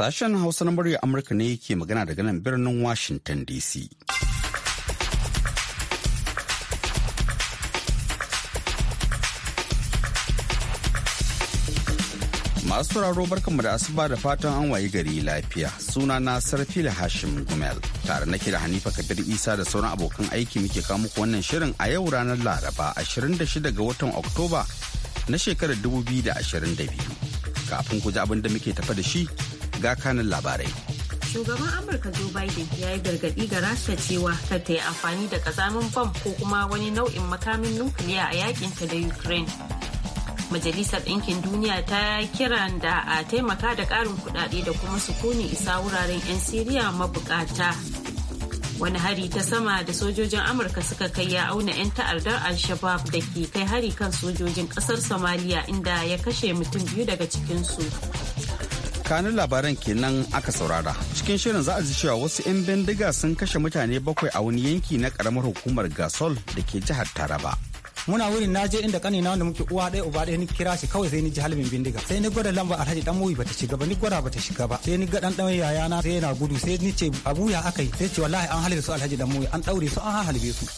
Sashen Hausa na murya Amurka ne ke magana daga nan birnin Washington DC. Masu sauraro barkanmu da asuba da fatan an wayi gari lafiya. Suna na Sarfila Hashim Gumel. Tare nake da Hanifa Kabir Isa da sauran abokan aiki muke kawo muku wannan shirin a yau ranar Laraba 26 ga watan Oktoba na shekarar 2022. Kafin ku ji abin da muke tafa da shi ga kanin labarai. Shugaban Amurka Joe Biden ya yi gargaɗi ga Rasha cewa kar ta yi amfani da ƙazamin bom ko kuma wani nau'in makamin nukiliya a ta da Ukraine. Majalisar Ɗinkin Duniya ta kiran da a taimaka da ƙarin kuɗaɗe da kuma sukuni isa wuraren 'yan Siriya mabuƙata. Wani hari ta sama da sojojin Amurka suka kai ya auna 'yan ta'addar Al-Shabaab da ke kai hari kan sojojin ƙasar Somalia inda ya kashe mutum biyu daga cikinsu. tsakanin labaran kenan aka saurara cikin shirin za a ji cewa wasu 'yan bindiga sun kashe mutane bakwai a wani yanki na karamar hukumar gasol da ke jihar taraba muna wurin na je inda kanina wanda muke uwa ɗaya uba ɗaya ni kira shi kawai sai ni ji halin bindiga sai ni gwada lamba a taji dan muyi bata shiga ba ni gwada bata shiga ba sai ni ga dan dan yayana sai yana gudu sai ni ce abuya akai sai ce wallahi an halarci su alhaji dan muyi an daure su an halbe su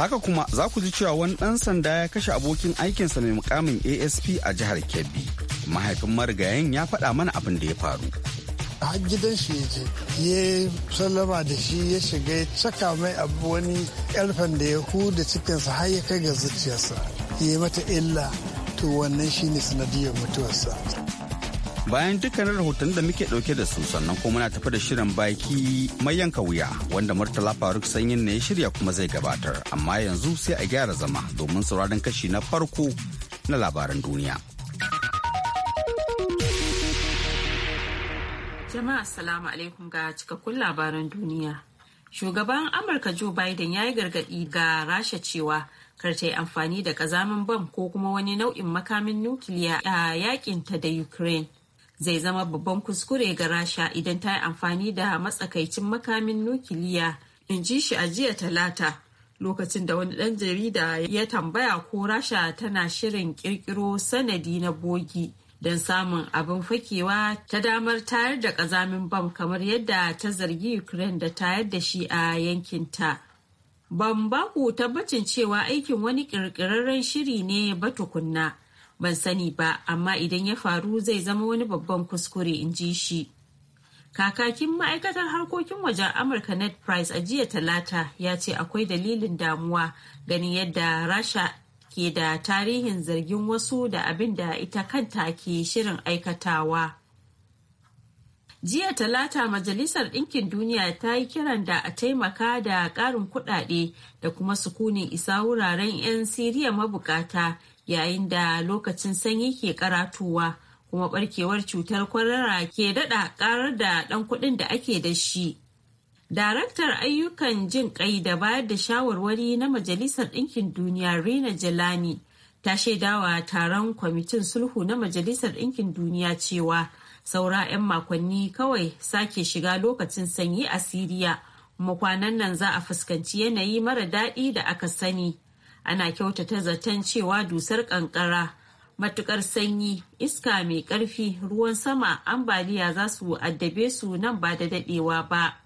haka kuma za ku ji cewa wani ɗan sanda ya kashe abokin aikinsa mai mukamin asp a jihar kebbi mahaifin marigayen ya faɗa mana abin da ya faru har gidan shi ya je ya sallama da shi ya shiga ya caka mai abu wani karfen da ya huda cikinsa har ya kai ga zuciyarsa ya yi mata illa to wannan shine sanadiyar mutuwarsa bayan dukkanin rahoton da muke dauke da su sannan kuma muna tafi da shirin baki mai yanka wuya wanda murtala faruk sanyin ne ya shirya kuma zai gabatar amma yanzu sai a gyara zama domin sauraron kashi na farko na labaran duniya jama'a assalamu alaikum ga cikakkun labaran duniya shugaban amurka joe biden ya yi gargadi ga rasha cewa kar ta yi amfani da kazamin bam ko kuma wani nau'in makamin nukiliya a yakinta da ukraine zai zama babban kuskure ga rasha idan ta yi amfani da matsakaicin makamin nukiliya in ji shi a jiya talata lokacin da wani ɗan jarida ya tambaya ko rasha tana shirin kirkiro sanadi na bogi don samun abin fakewa ta damar tayar da ƙazamin bam kamar yadda ta zargi ukraine da tayar da shi a yankinta ban baku tabbacin cewa aikin wani ƙirƙirarren shiri ne ba tukunna ban sani ba amma idan ya faru zai zama wani babban kuskure in ji shi kakakin ma'aikatar harkokin wajen amurka net price a jiya talata ya ce akwai dalilin damuwa ganin yadda rasha ke da tarihin zargin wasu da abin da ita kanta ke shirin aikatawa jiya talata majalisar ɗinkin duniya ta yi kiran da a taimaka da ƙarin kuɗaɗe da kuma sukunin isa wuraren 'yan siriya mabukata yayin da lokacin sanyi ke karatuwa kuma barkewar cutar kwarara ke daɗa ƙarar da ɗan kuɗin da ake da shi. Daraktar ayyukan jin ƙai da bayar da shawarwari na Majalisar Ɗinkin Duniya Rina Jalani ta shaidawa taron kwamitin sulhu na Majalisar Ɗinkin Duniya cewa saura 'yan makonni kawai sake shiga lokacin sanyi a Siriya kuma kwanan nan za a fuskanci yanayi mara daɗi da aka sani. ana kyautata zaton cewa dusar kankara matukar sanyi iska mai karfi ruwan sama ambaliya za su addabe su nan ba da dadewa ba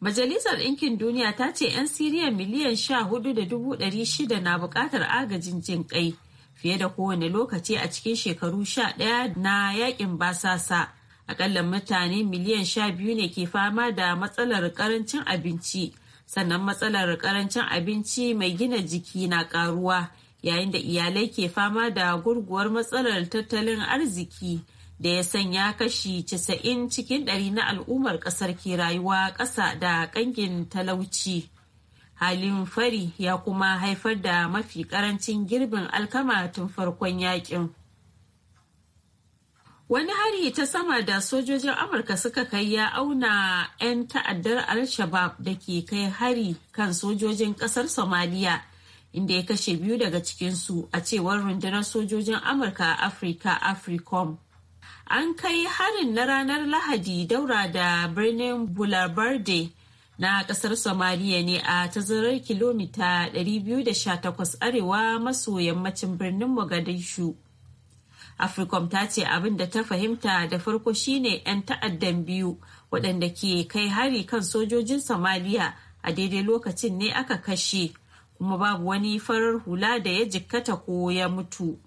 majalisar ɗinkin duniya ta ce 'yan siriya miliyan sha hudu da dubu ɗari shida na buƙatar agajin jin kai fiye da kowane lokaci a cikin shekaru sha ɗaya na yakin basasa akalla mutane miliyan sha biyu ne ke fama da matsalar ƙarancin abinci sannan matsalar karancin abinci mai gina jiki na karuwa yayin da iyalai ke fama da gurguwar matsalar tattalin arziki da ya sanya kashi 90 cikin ɗari na al'ummar ƙasar ke rayuwa ƙasa da ƙangin talauci halin fari ya kuma haifar da mafi ƙarancin girbin alkama tun farkon yakin. Wani hari ta sama da sojojin Amurka suka kai ya auna 'yan ta'addar Al-Shabaab da ke kai hari kan sojojin kasar Somaliya inda ya kashe biyu daga cikinsu a cewar rundunar sojojin Amurka a Afirka Africom. An kai harin na ranar Lahadi daura da birnin Bulabarde na kasar Somaliya ne a tazarar kilomita 218 arewa maso yammacin birnin Mogadishu. africom ta ce abin da ta fahimta da farko shine 'yan ta'addan biyu waɗanda ke kai hari kan sojojin samaliya a daidai lokacin ne aka kashe kuma babu wani farar hula da ya jikkata ko ya mutu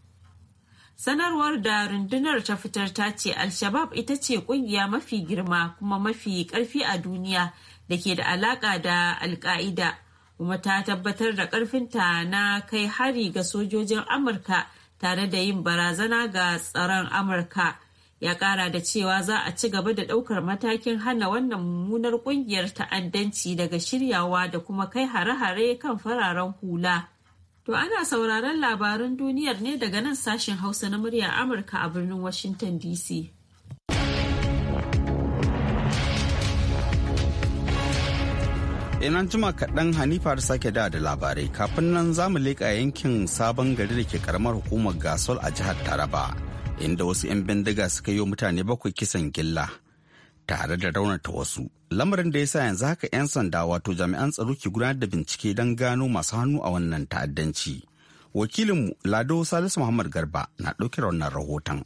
sanarwar da rundunar ta fitar ta ce al-shabab ita ce ƙungiya mafi girma kuma mafi ƙarfi a duniya da ke da alaƙa da alka'ida kuma ta tabbatar da ƙarfinta na kai hari ga sojojin amurka tare da yin barazana ga tsaron amurka ya kara da cewa za a ci gaba da ɗaukar matakin hana wannan mummunar ƙungiyar ta'addanci daga shiryawa da kuma kai hare-hare kan fararen hula to ana sauraron labarun duniyar ne daga nan sashen hausa na murya amurka a birnin washington dc nan jima kaɗan Hanifa da sake da da labarai kafin nan za mu leƙa yankin sabon gari da ke karamar hukumar Gasol a jihar Taraba inda wasu 'yan bindiga suka yi wa mutane bakwai kisan gilla tare da raunata wasu. Lamarin da ya sa yanzu haka 'yan sanda wato jami'an tsaro ke gudanar da bincike don gano masu hannu a wannan ta'addanci. Wakilinmu Lado Salisu Muhammad Garba na ɗauke wannan rahoton.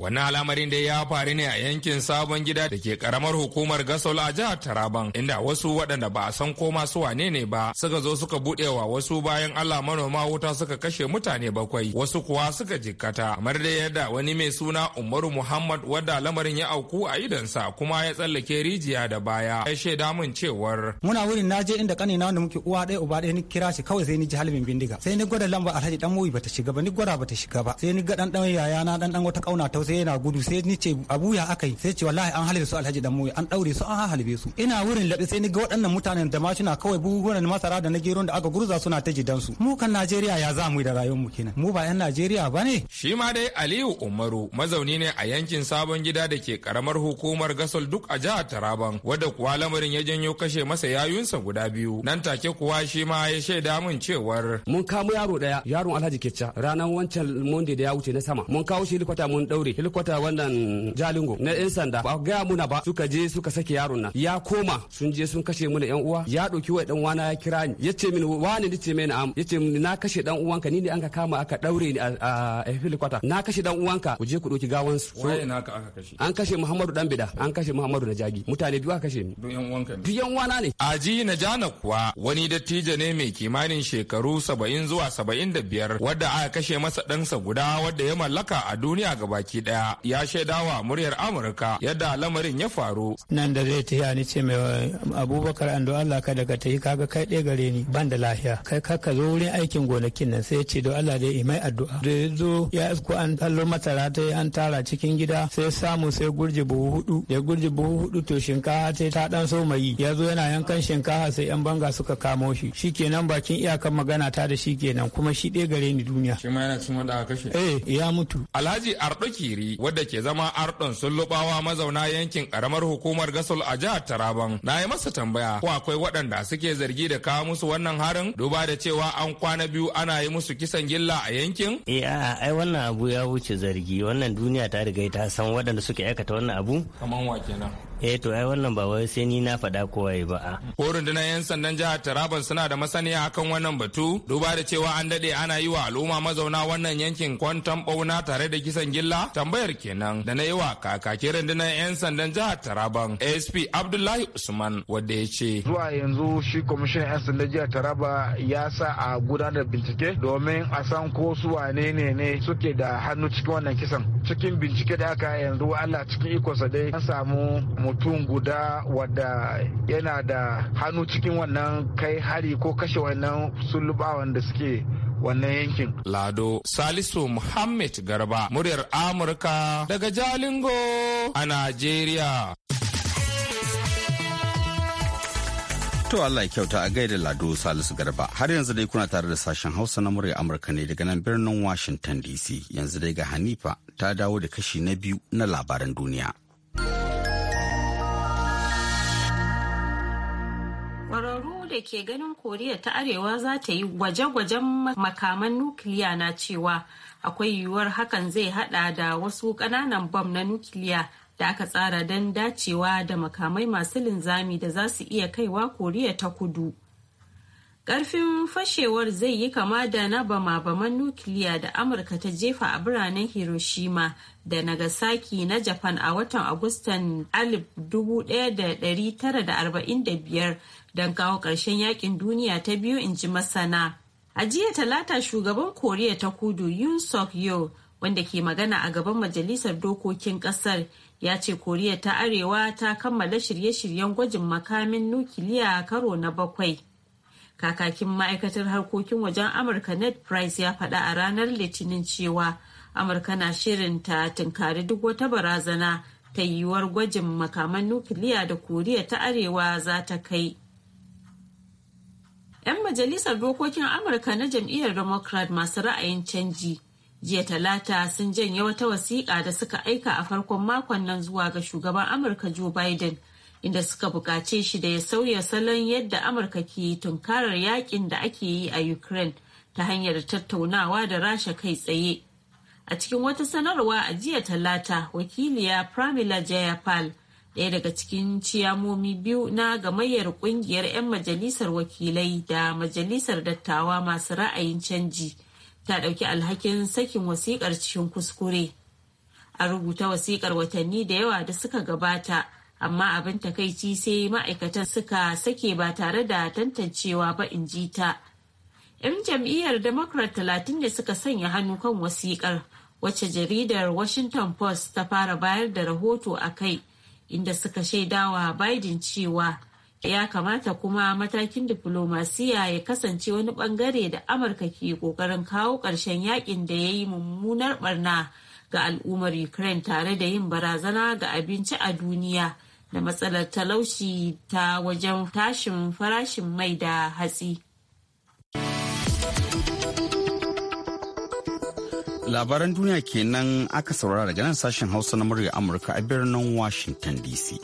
Wannan al'amarin dai ya faru ne a yankin sabon gida da ke karamar hukumar Gasol a jihar Taraban inda wasu waɗanda ba a san koma su wane ne ba suka zo suka buɗe wa wasu bayan Allah manoma wuta suka kashe mutane bakwai wasu kuwa suka jikkata kamar dai yadda wani mai suna Umaru Muhammad wadda lamarin ya auku a idansa kuma ya tsallake rijiya da baya ya shaida min cewar muna wurin je inda kanina wanda muke uwa ɗaya uba ɗaya ni kira shi kawai sai ni ji halibin bindiga sai ni gwada lamba alhaji dan muyi bata shiga ba ni gwada bata shiga ba sai ni ga dan dan yaya na dan dan wata kauna ta sai yana gudu sai ni ce abuya aka yi sai ce wallahi an halibe su alhaji dan an daure su an halibe su ina wurin labe sai ni ga waɗannan mutanen da mashina kawai buhuhunan masara da na geron da aka gurza suna ta jidan su mu kan Najeriya ya za mu da rayuwar mu kenan mu ba yan Najeriya bane shi ma dai Aliyu Umaru mazauni ne a yankin sabon gida da ke karamar hukumar Gasol duk a jihar Taraban wadda kuwa lamarin ya janyo kashe masa yayunsa guda biyu nan take kuwa shi ma ya shaida min cewar mun kamo yaro daya yaron Alhaji Kecca ranar wancan Monday da ya wuce na sama mun kawo shi likwata mun daure helikwata wannan jalingo na yan sanda ba gaya muna ba suka je suka sake yaron nan ya koma sun je sun kashe muna yan uwa ya ɗauki wa ɗan wana ya kira ni ya ce mini wani ni ce mini ya ce mini na kashe ɗan uwanka ni ne an ka kama aka ɗaure ni a helikwata na kashe ɗan uwanka ku je ku ɗauki gawansu. Waye na aka kashe? An kashe Muhammadu Dan Bida an kashe Muhammadu jagi mutane biyu aka kashe ni. Duk yan uwanka ne. Duk yan uwana ne. Aji Najana kuwa wani dattijo ne mai kimanin shekaru saba'in zuwa saba'in da biyar wadda aka kashe masa ɗansa guda wadda ya mallaka a duniya gabaki ɗaya. ɗaya ya shaidawa muryar Amurka yadda lamarin ya faru. Nan da zai tafiya ni ce mai eh, Abubakar Ando Allah ka daga ta yi kaga kai ɗaya gare ni ban da lafiya kai ka ka zo wurin aikin gonakin nan sai ya ce da Allah yi mai addu'a. Da ya zo ya isko an kallo masara ta an tara cikin gida sai samu sai gurji buhu hudu ya gurji buhu hudu to shinkafa ta ta dan so mai ya zo yana yankan shinkafa sai yan banga suka kamo shi shikenan bakin iyakan magana ta da shikenan kuma shi ɗaya gare ni duniya. Shi yana cin kashe. Eh ya mutu. Alhaji Ardoki Tsiri wadda ke zama Ardon Sullubawa mazauna yankin karamar hukumar Gasol a jihar Taraban. Na yi masa tambaya ko akwai waɗanda suke zargi da kawo musu wannan harin duba da cewa an kwana biyu ana yi musu kisan gilla a yankin? Eh ai wannan abu ya wuce zargi wannan duniya ta riga ta san waɗanda suke aikata wannan abu. Kaman eh to ai wannan ba wai sai ni na faɗa kowai ba ko rundunar yan sandan jihar taraban suna da masaniya akan wannan batu duba da cewa an dade ana yi wa al'umma mazauna wannan yankin kwantan bauna tare da kisan gilla tambayar kenan da na yi wa kakaki rundunar yan sandan jihar taraban asp abdullahi usman wanda ya ce zuwa yanzu shi komishin yan sandan jihar taraba ya sa a gudanar bincike domin a san ko su wane ne ne suke da hannu cikin wannan kisan cikin bincike da aka yanzu allah cikin ikonsa dai an samu mutum guda wadda yana da hannu cikin wannan kai hari ko kashe wannan sulubawan da suke wannan yankin. Lado Salisu Muhammad Garba, muryar Amurka daga Jalingo a Najeriya. To Allah ya kyauta a gaida Lado Salisu Garba. Har yanzu dai kuna tare da sashen Hausa na murya Amurka ne daga nan birnin Washington DC. Yanzu dai ga Hanifa ta dawo da kashi na biyu na labaran duniya. da ke ganin koriya ta arewa za ta yi gwaje-gwajen makaman nukiliya na cewa akwai yiwuwar hakan zai hada da wasu kananan bom na nukiliya da aka tsara don dacewa da makamai masu linzami da za su iya kaiwa koriya ta kudu karfin fashewar zai yi kama da na bama-baman nukiliya da amurka ta jefa a biranen hiroshima da nagasaki na japan a watan agustan 1945 don kawo ƙarshen yakin duniya ta biyu in ji masana. A jiya talata shugaban Koriya ta kudu Yun Suk Yeol wanda ke magana a gaban majalisar dokokin kasar ya ce koriya ta arewa ta kammala shirye-shiryen gwajin makamin nukiliya karo na bakwai kakakin ma'aikatar harkokin wajen amurka ned price ya faɗa a ranar litinin cewa amurka na shirin ta tunkari duk wata barazana ta yiwuwar gwajin makaman nukiliya da koriya ta arewa za ta kai 'Yan majalisar dokokin Amurka na jam'iyyar Democrat masu ra'ayin canji jiya talata sun janye wata wasiƙa da suka aika a farkon makon nan zuwa ga shugaban Amurka Joe Biden inda suka buƙace shi da ya sauya salon yadda Amurka ke tunkarar yakin da ake yi a Ukraine ta hanyar tattaunawa da rasha kai tsaye. A cikin wata sanarwa a jiya talata wakiliya Pramila Jayapal Daya daga cikin ciyamomi biyu na gamayyar ƙungiyar 'yan majalisar wakilai da majalisar dattawa masu ra'ayin canji ta ɗauki alhakin sakin wasiƙar cikin kuskure a rubuta wasiƙar watanni da yawa da suka gabata amma abin takaici sai ma'aikatan suka sake ba tare da tantancewa ba in ji ta 'yan jam'iyyar democrat talatin ne suka sanya hannu kan wasiƙar wacce jaridar washington post ta fara bayar da rahoto a kai inda suka shaidawa Biden cewa ya kamata kuma matakin diflomasiya ya kasance wani bangare da Amurka ke kokarin kawo ƙarshen yakin da ya yi mummunar barna ga al'ummar Ukraine tare da yin barazana ga abinci a duniya da matsalar talauci ta wajen tashin farashin mai da hatsi. Labaran duniya kenan aka saurara daga nan sashen Hausa na murya Amurka a birnin Washington DC.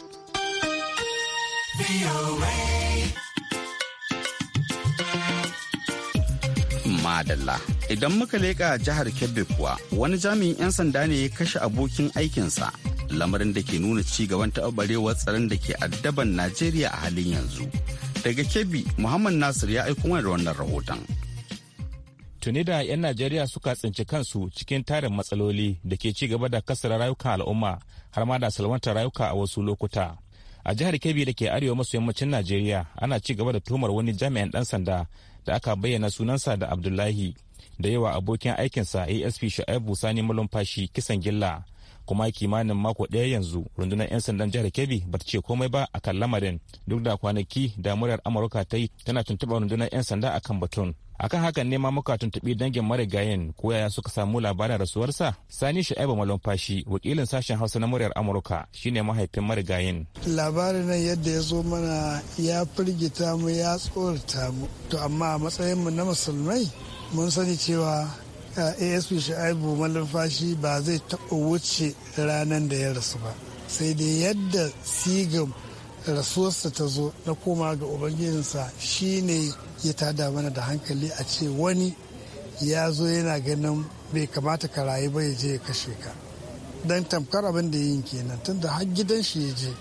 Madalla. Idan muka leƙa jihar Kebbi kuwa wani jami'in 'yan sanda ne ya kashe abokin aikinsa lamarin da ke nuna ci gaban taɓarewar tsaron da ke addaban Najeriya a halin yanzu. Daga Kebbi, Muhammad Nasir ya aiko mana da wannan rahoton. tuni da 'yan najeriya suka tsinci kansu cikin tarin matsaloli da ke ci gaba da kasar rayukan al'umma har ma da salwantar rayuka a wasu lokuta a jihar kebbi da ke arewa maso yammacin najeriya ana ci gaba da tumar wani jami'an dan sanda da aka bayyana sunansa da abdullahi da yawa abokin aikinsa asp sha'ibu sani malumfashi kisan gilla kuma kimanin mako ɗaya yanzu rundunar 'yan sandan jihar kebbi ba ce komai ba a kan lamarin duk da kwanaki da muryar amurka ta yi tana tuntuɓar rundunar 'yan sanda akan batun akan hakan ne ma muka tuntuɓi dangin marigayin ko yaya suka samu labarin rasuwarsa sani sha'ibu malumfashi wakilin sashen hausa na muryar amurka shine mahaifin marigayin labarin nan yadda ya zo mana ya firgita mu ya tsorata mu to amma a matsayin mu na musulmai mun sani cewa eh, asp sha'ibu malumfashi ba zai taɓa wuce ranar da ya rasu ba sai dai yadda sigan rasuwarsa ta zo na koma ga ubangijinsa shine ya tada mana da hankali a ce wani ya zo yana ganin bai kamata ka rayu ba ya je ya kashe ka dan tamkar abin da yin kenan tunda har gidan shi ya je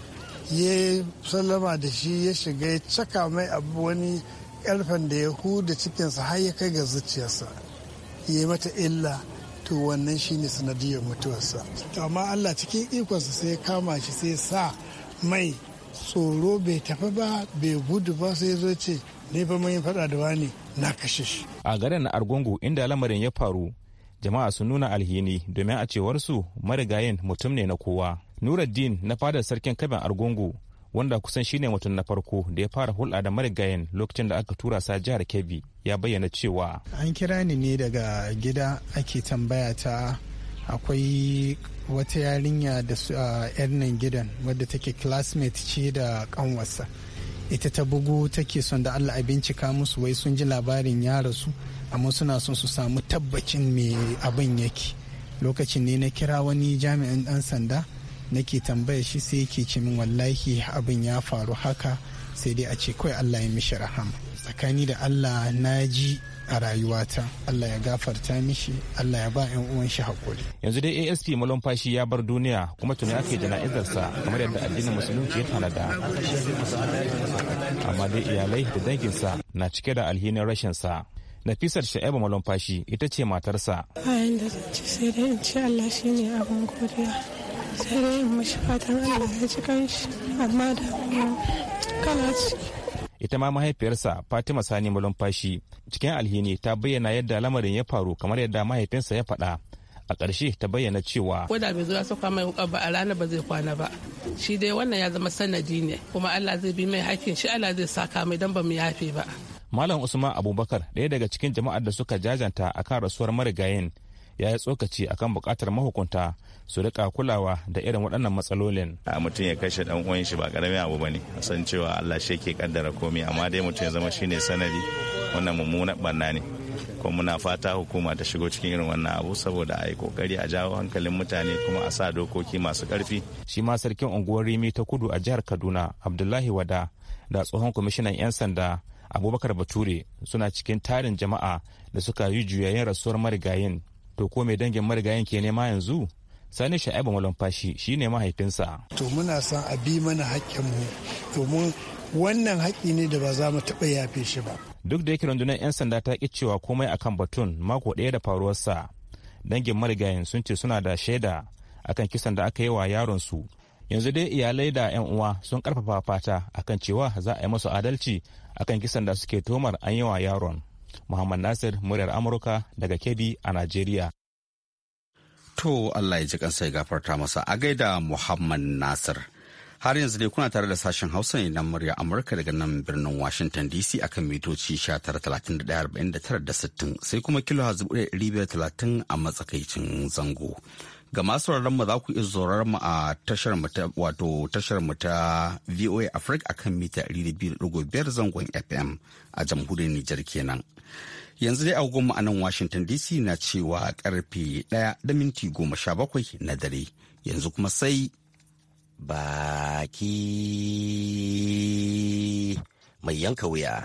ya sallama da shi ya shiga ya caka mai abu wani karfen da ya huda cikinsa har ya kai ga zuciyarsa ya yi mata illa to wannan shi ne sanadiyar mutuwarsa amma allah cikin ikonsa sai ya kama shi sai sa mai tsoro bai tafi ba bai gudu ba sai zo ce ni fa mun yi faɗa da wani na kashe shi. A garin na Argungu inda lamarin ya faru jama'a sun nuna alhini domin a cewar su marigayin mutum ne na kowa. Nuruddin na fadar sarkin kabin Argungu wanda kusan shine mutum na farko da ya fara hulɗa da marigayin lokacin da aka tura sa jihar Kebbi ya bayyana cewa. An kira ni ne daga gida ake tambaya ta akwai wata yarinya da 'yan nan gidan wadda take classmate ce da kanwarsa. ita ta bugu take son da allah a bincika musu wai sun ji labarin ya rasu amma suna son su samu tabbacin me abin yake lokacin ne na kira wani jami'in dan sanda nake tambaya shi sai yake ce min wallahi abin ya faru haka sai dai a ce kawai allah ya mishi rahama tsakani da allah na ji a rayuwata Allah ya gafarta mishi Allah ya ba 'yan uwan shi haƙuri. Yanzu dai ASP malumfashi ya bar duniya kuma tuni ake jana'izarsa kamar yadda addinin musulunci ya tanada. Amma dai iyalai da danginsa na cike da alhinin rashin sa. Nafisar Sha'ibu malumfashi ita ce matarsa. Bayan da zan sai dai in ce Allah shi ne abin godiya. Sai dai in mishi fatan Allah ya ci kanshi amma da kana ciki. ita ma mahaifiyarsa fatima sani malumfashi cikin alhini ta bayyana yadda lamarin ya faru kamar yadda mahaifinsa ya faɗa a ƙarshe ta bayyana cewa ko da bai zo ya sauka mai wuka ba a rana ba zai kwana ba shi dai wannan ya zama sanadi ne kuma allah zai bi mai hakkin shi allah zai saka mai don ba mu yafe ba malam usman abubakar ɗaya daga cikin jama'ar da suka jajanta akan rasuwar marigayin ya yi tsokaci akan buƙatar mahukunta su rika kulawa da irin waɗannan matsalolin. A mutum ya kashe ɗan uwan shi ba ƙaramin abu bane a san cewa Allah shi ke kaddara komai amma dai mutum ya zama ne sanadi wannan mummunan barna ne. kuma muna fata hukuma ta shigo cikin irin wannan abu saboda a yi kokari a jawo hankalin mutane kuma a sa dokoki masu karfi. Shi ma sarkin unguwar Rimi ta kudu a jihar Kaduna Abdullahi Wada da tsohon kwamishinan 'yan sanda Abubakar Bature suna cikin tarin jama'a da suka yi juyayen rasuwar marigayin. To ko mai dangin marigayin ke nema yanzu? sani sha'ibu malumfashi shi ne mahaifinsa to muna son a bi mana haƙƙinmu domin wannan haƙƙi ne da ba za mu taɓa yafe shi ba duk da yake rundunar 'yan sanda ta ƙi cewa komai akan batun mako ɗaya da faruwarsa dangin marigayin sun ce suna da shaida akan kisan da aka yi wa yaron su yanzu dai iyalai da 'yan uwa sun karfafa fata akan cewa za a yi masu adalci akan kisan da suke tomar an yi wa yaron muhammad nasir muryar amurka daga kebbi a najeriya To Allah ya ji kansa ya gafarta masa a gaida Muhammad Nasir. Har yanzu ne kuna tare da sashen Hausa ne na murya Amurka daga nan birnin Washington DC akan mitoci 19,31,49,60 sai kuma kilo talatin a matsakaicin zango. Ga masu mu za ku iya zorar mu a tashar mu ta wato tashar mu ta VOA Africa akan mita 200.5 zangon FM a jamhuriyar Nijar kenan. yanzu dai agogonmu a nan washington dc na cewa karfe ɗaya da minti goma na dare yanzu kuma sai baki mai yanka wuya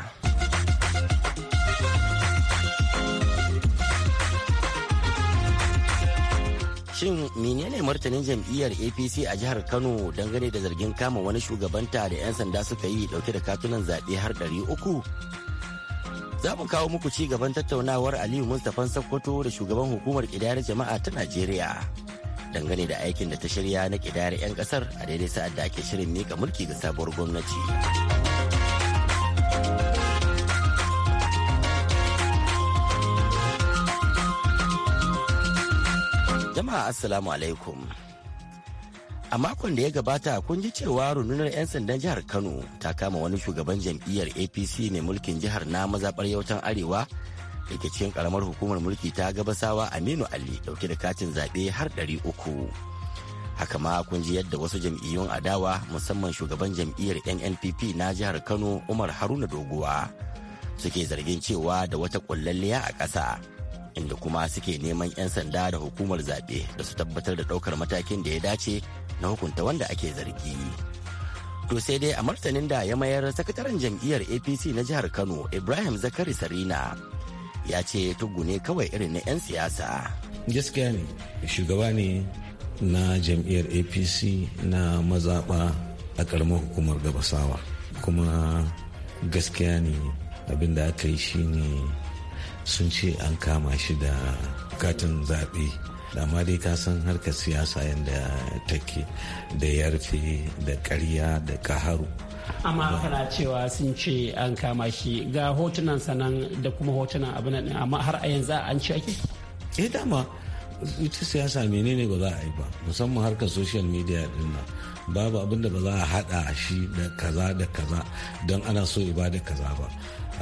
shin menene martanin jam'iyyar apc a jihar kano dangane da zargin kama wani shugabanta da 'yan sanda suka yi dauke da katunan zaɓe har 300 Za mu kawo muku ci gaban tattaunawar Aliyu Mustapha Sokoto da shugaban hukumar kidayar jama'a ta Najeriya. Dangane da aikin da ta shirya na kidayar 'yan kasar a daidai sa'ad da ake shirin mika mulki ga sabuwar gwamnati. jama'a assalamu alaikum A makon da ya gabata kun ji cewa rundunar 'yan sandan jihar Kano ta kama wani shugaban jam'iyyar APC ne mulkin jihar na mazaɓar yautan Arewa da ke cikin karamar hukumar mulki ta gabasawa Aminu Ali dauke da katin zaɓe har ɗari uku. Haka ma kun ji yadda wasu jam'iyyun adawa musamman shugaban jam'iyyar NNPP na jihar Kano Umar Haruna Doguwa suke zargin cewa da wata ƙullalliya a ƙasa. inda kuma suke neman 'yan sanda da hukumar zaɓe da su tabbatar da ɗaukar matakin da ya dace na hukunta wanda ake zargi. To sai dai a martanin da ya mayar sakataren jam'iyyar APC na jihar Kano Ibrahim Zakari Sarina ya ce tugu ne kawai irin na 'yan siyasa. Gaskiya ne shugaba ne na jam'iyyar APC na mazaɓa a ƙaramar hukumar gabasawa kuma gaskiya ne abin da aka yi shi ne. sun ce an kama shi da katin zaɓe da dai ka san harkar siyasa yadda take da yarfe da ƙarya da kaharu amma kana cewa sun ce an kama shi ga hotunan sanan da kuma hotunan abin nan amma har a yanzu an ci ake eh dama ita siyasa menene ba za a yi ba musamman harkar social media din nan babu abin da ba za a hada shi da kaza da kaza don ana so ibada kaza ba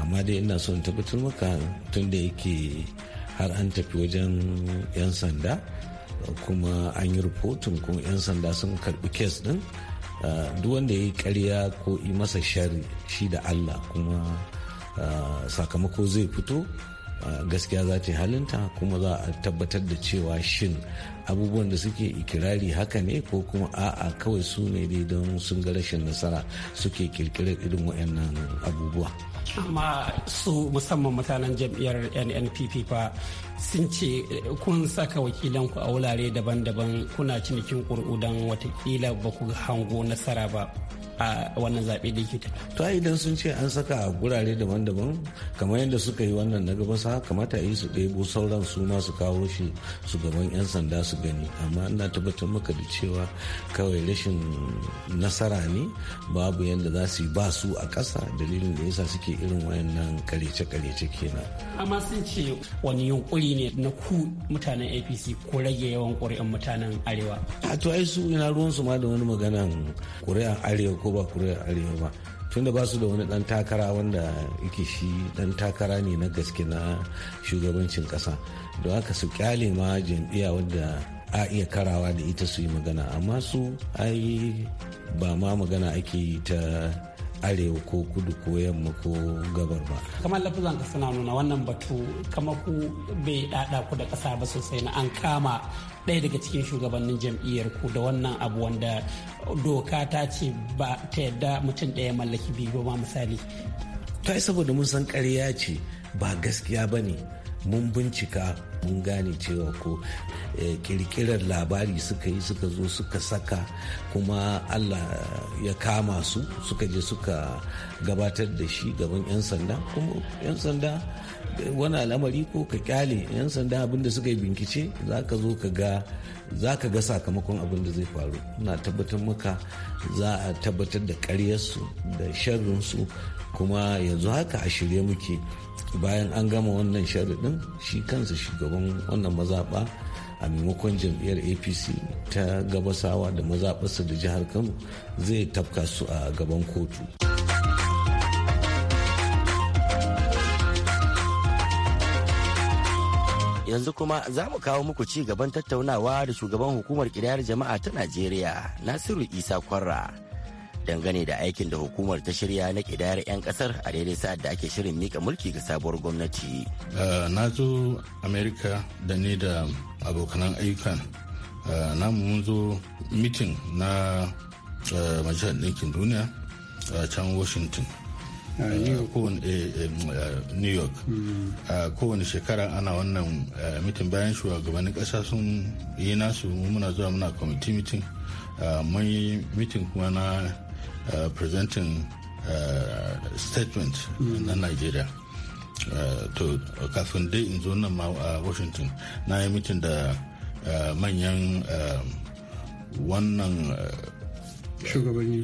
amma dai ina son tabbatar maka tun da yake har an tafi wajen 'yan sanda kuma an yi rahoton kuma 'yan sanda sun karbi kes din duk wanda ya yi karya ko yi masa shari shi da allah kuma sakamako zai fito gaskiya za ta yi halinta kuma za a tabbatar da cewa shin abubuwan da suke ikirari haka ne ko kuma a'a kawai su ne dai don sun ga rashin nasara suke kirkirar irin waɗannan abubuwa amma su musamman mutanen jam'iyyar nnpp fa sun ce eh, kun saka wakilanku a wurare daban-daban kuna cinikin don watakila ba ku hango nasara ba a wannan zaɓe da ke to idan sun ce an saka a gurare daban-daban kamar yadda suka yi wannan na gabasa sa kamata yi su ɗebo sauran su ma su kawo shi su gaban 'yan sanda su gani amma ina tabbatar maka da cewa kawai rashin nasara ne babu yadda za su yi ba su a ƙasa dalilin da yasa suke irin wayannan karece-karece kenan amma sun ce wani yunkuri ne na ku mutanen apc ko rage yawan ƙuri'an mutanen arewa a to ai su ina ruwan su ma da wani maganan ƙuri'an arewa ko ba ƙuri'an arewa ba tunda ba su da wani dan takara wanda yake shi dan takara ne na gaske na shugabancin ƙasa don haka su kyale ma jam'iyya wadda a iya karawa da ita su yi magana amma su ai ba ma magana ake yi ta arewa ko kudu ko yamma ko gabar ba kamar lafizan ka suna nuna wannan batu kama ku bai dada ku da kasa ba sosai na an kama ɗaya daga cikin shugabannin jam'iyyar ku da wannan abu wanda doka ta ce ba ta yadda mutum ɗaya mallaki biyu ba misali ta saboda mun san ƙarya ce ba gaskiya ba ne mun bincika mun gane cewa ko eh, kirkirar labari suka yi suka zo suka saka kuma allah ya kama su suka je suka gabatar da shi gaban 'yan sanda kuma 'yan sanda wani al'amari ko ka kyale 'yan sanda abinda suka yi binkice za ka zo ka ga za ka ga sakamakon abin da zai faru na tabbatar maka za a tabbatar da karyarsu da sharrinsu kuma yanzu haka a shirye muke bayan an gama wannan sharaɗin shi kansa shugaban wannan mazaɓa a maimakon jam'iyyar apc ta gabasawa da mazaɓarsa da jihar kano zai tafka su a gaban kotu yanzu kuma za mu kawo muku ci gaban tattaunawa da shugaban hukumar kidayar jama'a ta najeriya nasiru isa kwarra dangane da aikin da hukumar ta shirya na kidayar 'yan kasar a daidai sa'ad da ake shirin mika mulki ga sabuwar gwamnati. Eh, na zo america da ni da abokanan ayyukan eh, na mun zo mitin na eh, majalisar ɗinkin duniya a can washington new york a mm, mm. kowane shekara ana wannan mitin bayan shugabannin ƙasa sun yi nasu muna zuwa muna kwamiti mitin mun mitin kuma na Uh, presenting uh, statement hmm. na nigeria uh, to kafin dai in zo nan a washington na yi mitin da manyan um, wannan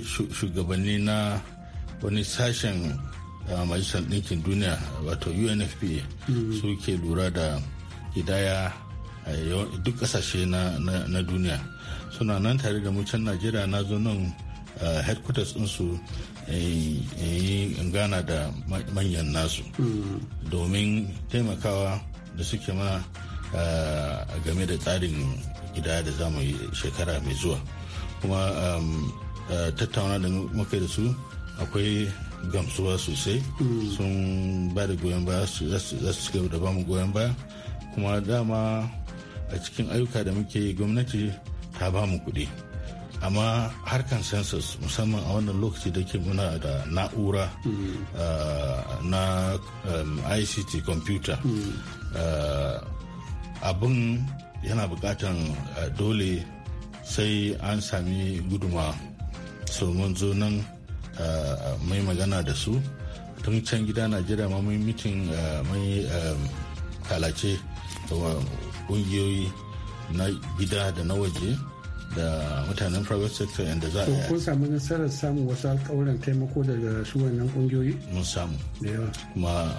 shugabanni na wani sashen majalisar ɗinkin duniya wato unfpa hmm. ke lura da hidaya duk ƙasashe na duniya suna nan tare da mu najeriya na zo nan headquarters ɗinsu yi eh, eh, gana da manyan nasu mm. domin taimakawa da suke ma game da tsarin gida da zamu yi shekara mai zuwa kuma tattauna da muka da su akwai gamsuwa sosai mm. sun ba da goyon baya za su da bamu goyon baya kuma dama a cikin ayyuka da muke gwamnati ta bamu kuɗi amma harkan census musamman a wannan lokaci da ke muna da na'ura mm. ah, na um, ict computer mm. ah, abin yana bukatan ah, dole sai an sami guduma so mun zo nan mai magana da su tun can gida najeriya ma mai mitin mai kalace um, da kungiyoyi na gida da na waje da mutanen private sector yadda za a yi kun samu nasarar samun wasu alkawuran taimako daga su wannan kungiyoyi mun samu kuma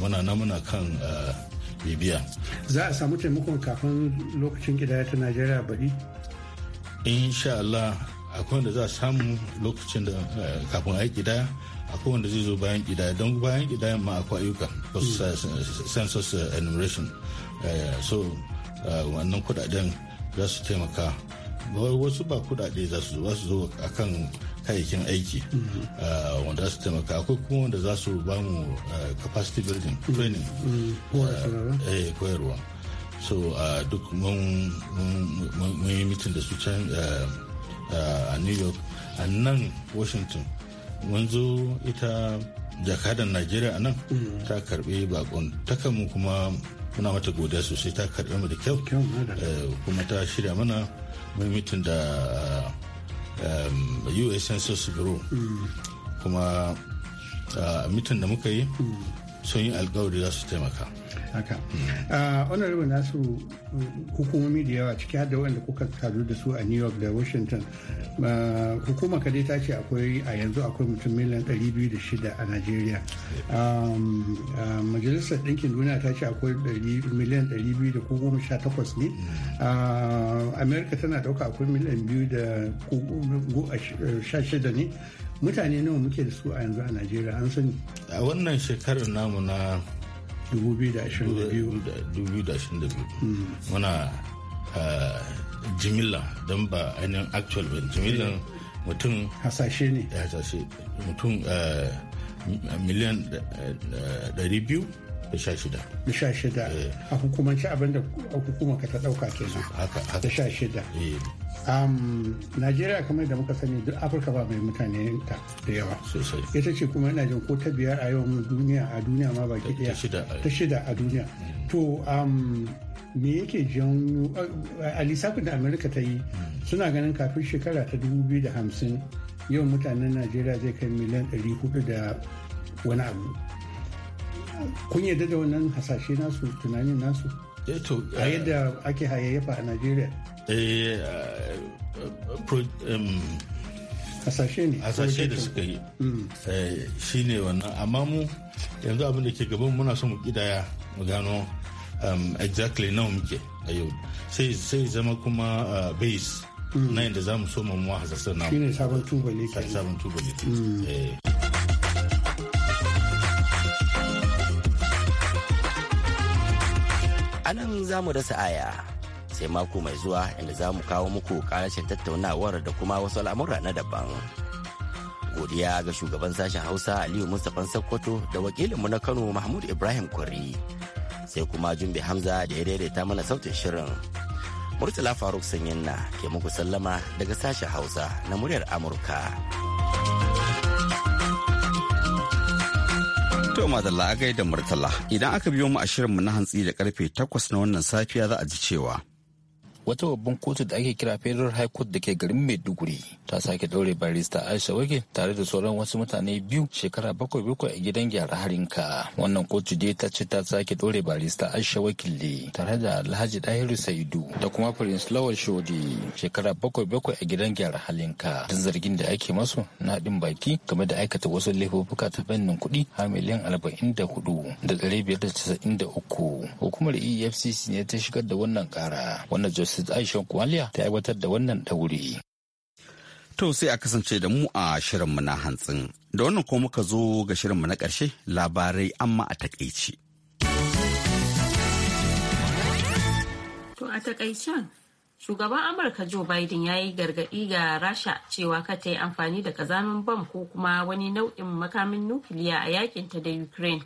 muna na muna kan bibiya za a samu taimakon kafin lokacin kidaya ta najeriya baɗi insha Allah akwai wanda za a samu lokacin da kafin a yi kidaya akwai wanda zai zo bayan kidaya don bayan kidaya ma akwai ayyuka census eh, enumeration eh, so eh, wannan kudaden za su taimaka wasu ba kudade za su zo akan kayayyakin aiki mhm. ah, wanda su taimaka akwai kuma wanda za su ba mu ah, capacity building mhm. training mhm. Ah, eh, koyarwa so duk mun yi mitin da su can a new york a nan washington mun zo ita jakadan najeriya a nan ta karbi bakon takamu kuma muna mata godiya sosai ta karbi mu da kyau eh, kuma ta shirya mana mimitin mitin da us um, census bureau mm. kuma uh, mitin da muka yi mm. sun yi alkawari za su taimaka haka ah, honorable nasu hukumomi da yawa ciki har da wanda kuka sadu da su a new york da washington hukumar dai ta ce akwai a yanzu akwai mutum miliyan 206 a nigeria um, ah, majalisar ɗinkin duniya ta ce akwai miliyan 218 ne ah, america tana ɗauka akwai miliyan 216 ne mutane nawa muke da su a yanzu a najeriya an sani a wannan shekarar namu na 2022 hmm. muna ah, jimila don ba ainihin actual ba jimillan mutum hasashe ne hasashe mutum ah, miliyan 200 eh, eh, da sha shida da sha shida eh. a hukumance abinda hukuma hukumar ka ta dauka kenan haka da sha shida eh. Najeriya kamar da muka sani duk Afirka ba mai mutane ta da yawa sosai ita ce kuma ina jin ko ta biyar a yau duniya a duniya ma baki daya ta shida a duniya mm. to me yake janyo a lissafin da amurka ta yi mm. suna ganin kafin shekara ta 2050 yawan mutanen najeriya zai kai miliyan 400 da wani abu kun yarda da wannan hasashe nasu tunanin nasu eh, a eh, yadda ake hayayyafa a nigeria. Eh, hasashe ne hasashe da suka yi mm. shi ne wannan amma mu yanzu abin da ke gaban muna so mu kidaya mu gano exactly nawa muke a yau sai zama kuma base mm. na yadda za mu so mu mu hasashen namu shi ne sabon tubali sabon mm. Anan zamu za mu dasa aya sai mako mai zuwa inda za mu kawo muku karashin tattaunawar da kuma wasu al'amura na daban godiya ga shugaban sashen hausa aliyu mustapha sakkwato da wakilinmu na kano mahmud ibrahim kwari sai kuma jumbe hamza da ya daidaita mana sautin shirin murtala faruk sanyin na ke muku sallama daga sashen hausa na muryar amurka madalla a gaida murtala idan aka biyo mu a shirinmu na hantsi da karfe takwas na wannan safiya za a ji cewa wata babban kotu da ake kira federal high court da ke garin maiduguri ta sake daure barista aisha wage tare da sauran wasu mutane biyu shekara bakwai bakwai a gidan gyara ka, wannan kotu dai ta ce ta sake daure barista aisha wakili tare da alhaji dahiru saidu da kuma prince lawal shodi shekara bakwai bakwai a gidan gyara halin ka, don zargin da ake masu na haɗin baki game da aikata wasu laifuka ta fannin kuɗi har miliyan arba'in da hudu da ɗari biyar da casa'in da uku hukumar efcc ne ta shigar da wannan kara wanda jos Mrs. Aisha Kwaliya ta aiwatar da wannan ɗauri. To sai a kasance da mu a shirin mu na hantsin. Da wannan ko muka zo ga shirin mu na ƙarshe labarai amma a takaici. To a takaicen shugaban amurka joe biden ya yi gargadi ga rasha cewa ka ta yi amfani da kazamin bom ko kuma wani nau'in makamin nukiliya a yakinta da ukraine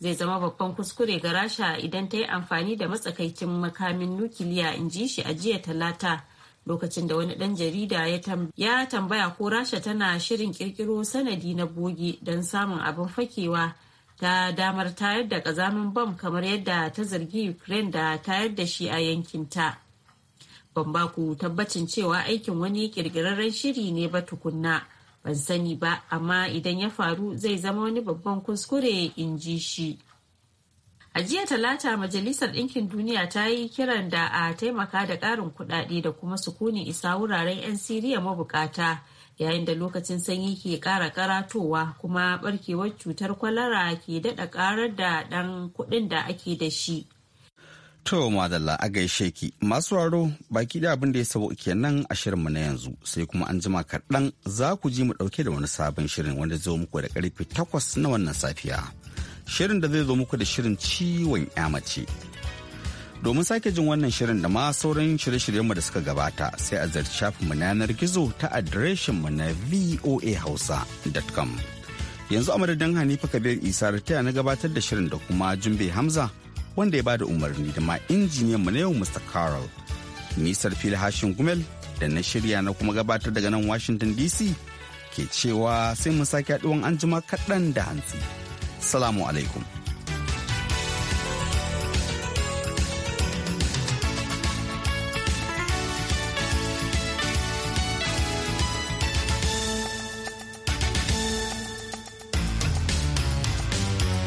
zai zama babban kuskure ga rasha idan ta yi amfani da matsakaicin makamin nukiliya in ji shi a jiya talata lokacin da wani dan jarida ya tambaya ko rasha tana shirin kirkiro sanadi na bogi don samun abin fakewa ta damar tayar da ƙazamin bam kamar yadda ta zargi ukraine da tayar da shi a yankinta ban ba ku tabbacin cewa aikin wani kirkirarren shiri ne ba tukunna ban sani ba amma idan ya faru zai zama wani babban kuskure in ji shi a jiya talata majalisar ɗinkin duniya ta yi kiran da a taimaka da ƙarin kuɗaɗe da kuma sukuni isa wuraren 'yan siriya mabukata yayin da lokacin sanyi ke ƙara karatowa kuma barkewar cutar kwalara ke daɗa ƙarar da ɗan kuɗin da ake da shi To madalla a gaishe ki masu raro baki da abin da ya sabo nan a shirinmu na yanzu sai kuma an jima kaɗan za ku ji mu ɗauke da wani sabon shirin wanda zai zo muku da karfe takwas na wannan safiya. Shirin da zai zo muku da shirin ciwon mace. Domin sake jin wannan shirin da ma sauran shirye-shiryenmu da suka gabata sai a zarci shafinmu na yanar gizo ta adireshinmu na voahausa.com. Yanzu a madadin Hanifa Kabir Isa ta na gabatar da shirin da kuma Jumbe Hamza wanda ya bada umarni da ma injiniyan mu na yau Mr. Carol. Nisar fili hashin gumel da na shirya na kuma gabatar daga nan Washington DC ke cewa sai mu sake haɗuwan anjima kaɗan da hantsi. Salamu alaikum.